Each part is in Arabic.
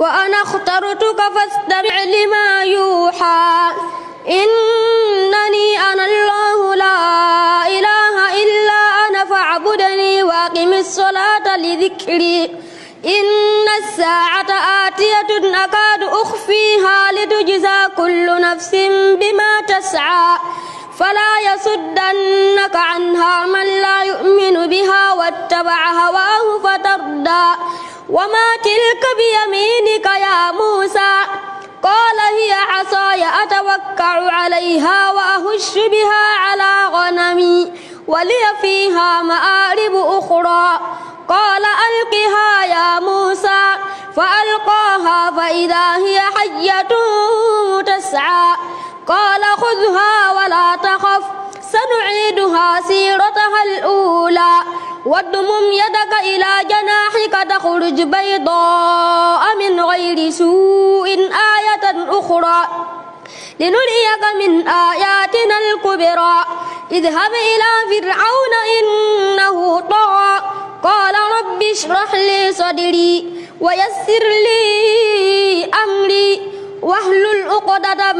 وأنا اخترتك فاستمع لما يوحى إنني أنا الله لا إله إلا أنا فاعبدني وأقم الصلاة لذكري إن الساعة آتية أكاد أخفيها لتجزى كل نفس بما تسعى فلا يصدنك عنها من لا يؤمن بها وما تلك بيمينك يا موسى قال هي عصاي أتوكع عليها وأهش بها على غنمي ولي فيها مآرب أخرى قال ألقها يا موسى فألقاها فإذا هي حية تسعى قال خذها ولا تخف سنعيدها سيرتها الأولى وادمم يدك إلى جناح تخرج بيضاء من غير سوء آية أخرى لنريك من آياتنا الكبرى اذهب إلى فرعون إنه طغى قال رب اشرح لي صدري ويسر لي أمري واحلل عقدة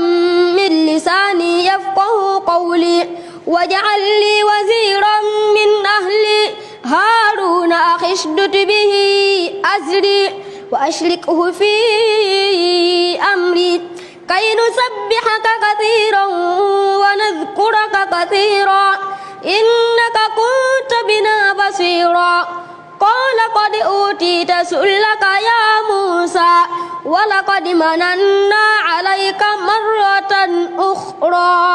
من لساني يفقه قولي واجعل لي وزيرا اشدد به أزري وأشركه في أمري كي نسبحك كثيرا ونذكرك كثيرا إنك كنت بنا بصيرا قال قد أوتيت سؤلك يا موسى ولقد مننا عليك مرة أخرى